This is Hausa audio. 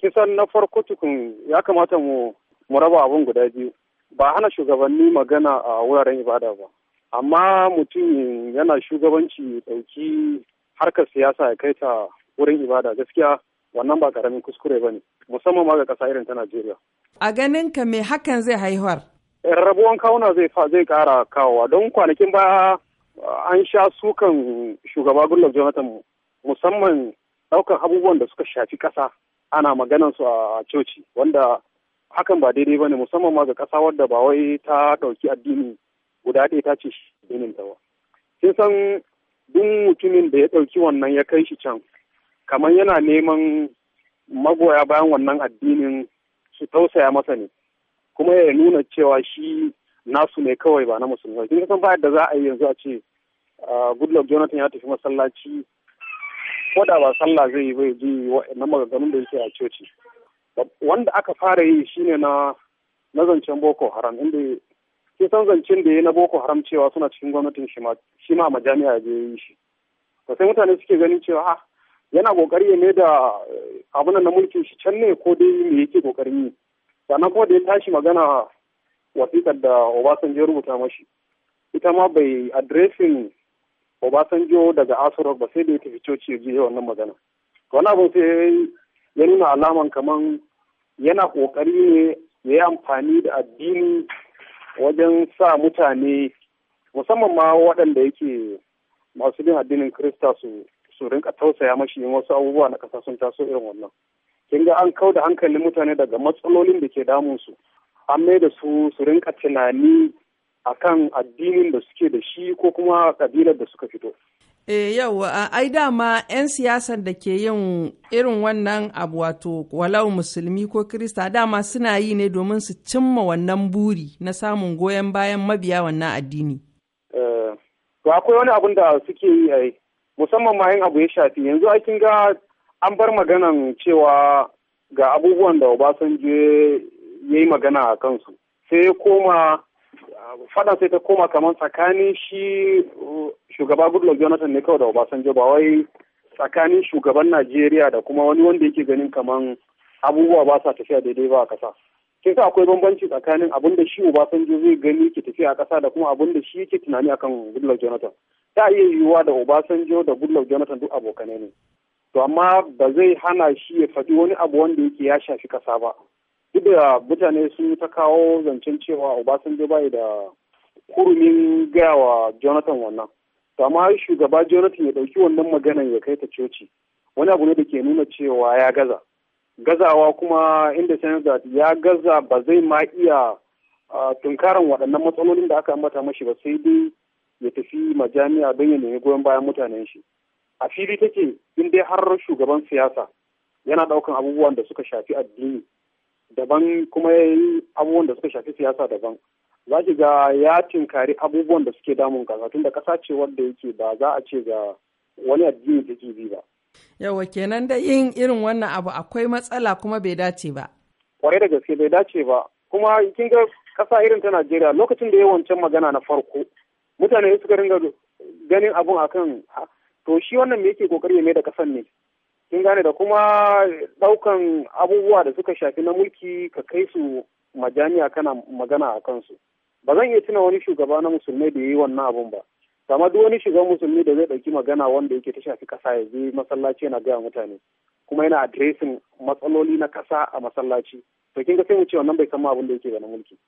kisan na farko tukun ya kamata mu mu raba abun guda biyu ba hana shugabanni magana a wuraren ibada ba amma mutum yana shugabanci ɗauki harkar siyasa ya kai ta wurin ibada gaskiya wannan ba karamin kuskure ba ne musamman ma ga kasa irin ta najeriya a ganin ka me hakan zai haihuwar eh, rabuwan kawuna zai zai kara kawowa don kwanakin baya eh, an sha sukan shugaba Goodluck Jonathan musamman daukan abubuwan da suka shafi kasa. ana maganan su a coci wanda hakan ba daidai bane musamman ma ga ƙasa wadda ba wai ta ɗauki addini guda ɗaya ta ce shi addinin ta ba kin san duk mutumin da ya ɗauki wannan ya kai shi can kamar yana neman magoya bayan wannan addinin su tausaya masa ne kuma ya nuna cewa shi nasu ne kawai ba na musulmai kin san ba yadda za a yi yanzu a ce ah, goodluck jonathan ya tafi masallaci ko da ba sallah zai yi bai ji na maganganun da yake a coci wanda aka fara yi shine na na zancen boko haram inda ke san zancen da ya na boko haram cewa suna cikin gwamnatin shi ma majami'a da ya yi shi to sai mutane suke ganin cewa ha ah, yana kokari ne da eh, abin na mulkin shi can ne ko dai me yake kokarin yi sannan kuma da ya tashi magana wasikar da Obasanjo rubuta mashi ita ma bai adiresin Obasanjo daga Asurok ba sai da ya tafi coci ya je wannan magana. Wani abu sai ya nuna alaman kaman yana kokari ne ya yi amfani da addini wajen sa mutane musamman ma waɗanda yake masu bin addinin Kirista su su rinka tausaya mashi yin wasu abubuwa na ƙasa sun taso irin wannan. Kin ga an kau da hankalin mutane daga matsalolin da ke damun su. An mai da su su rinka tunani A kan addinin da suke da shi ko kuma kabilar da suka fito. E eh, yau, ai dama 'yan siyasar da ke yin irin wannan abu wato walau musulmi ko Kirista dama suna yi ne domin su cimma wannan buri na samun goyon bayan mabiya wannan addini. Eh, to akwai wani abun da suke yi a musamman ma yin abu ya shafi yanzu aikin ga an bar maganan cewa ga abubuwan da Obasanjo ya yi magana a kansu sai ya koma faɗa sai ta koma kamar tsakanin shi uh, shugaba goodluck jonathan ne kawai da obasanjo ba wai tsakanin shugaban najeriya da kuma wani wanda yake ganin kamar abubuwa ba sa tafiya daidai ba a kasa kin sa akwai bambanci tsakanin abin da shi obasanjo zai gani ke tafiya a kasa da kuma abin da shi yake tunani akan goodluck jonathan ta iya yiwuwa da obasanjo da goodluck jonathan duk abokanai ne to amma ba zai hana shi ya faɗi wani abu wanda yake ya shafi kasa ba duk da mutane sun ta kawo zancen cewa obasanjo bai da kurumin gaya wa jonathan wannan amma shugaba jonathan ya ɗauki wannan maganan ya kai ta coci wani abu ne da ke nuna cewa ya gaza gazawa kuma inda sense ya gaza ba zai ma iya tunkaran waɗannan matsalolin da aka ambata mashi ba sai dai ya tafi majami'a don ya nemi goyon bayan mutanen shi a fili take in dai har shugaban siyasa yana ɗaukan abubuwan da suka shafi addini daban kuma ya yi abubuwan da suka shafi siyasa daban za ki ga ya tinkari abubuwan da suke damun kasa tun da kasa ce wadda yake ba za a ce ga wani addini take bi ba. Yawa kenan da yin irin wannan abu akwai matsala kuma bai dace ba. Kwarai da gaske bai dace ba kuma kin ga kasa irin ta Najeriya lokacin da ya wancan magana na farko mutane suka ringa ganin abun akan to shi wannan me yake kokari ya mai da kasan ne kin gane da kuma ɗaukan abubuwa da suka shafi na mulki ka kai su majami'a kana magana a kansu ba zan iya tuna wani shugaba na musulmi da ya yi wannan abun ba kama duk wani shugaban musulmi da zai ɗauki magana wanda yake ta shafi ƙasa ya je masallaci yana gaya mutane kuma yana adiresin matsaloli na ƙasa a masallaci to kin ga sai mu ce wannan bai san ma da yake ga na mulki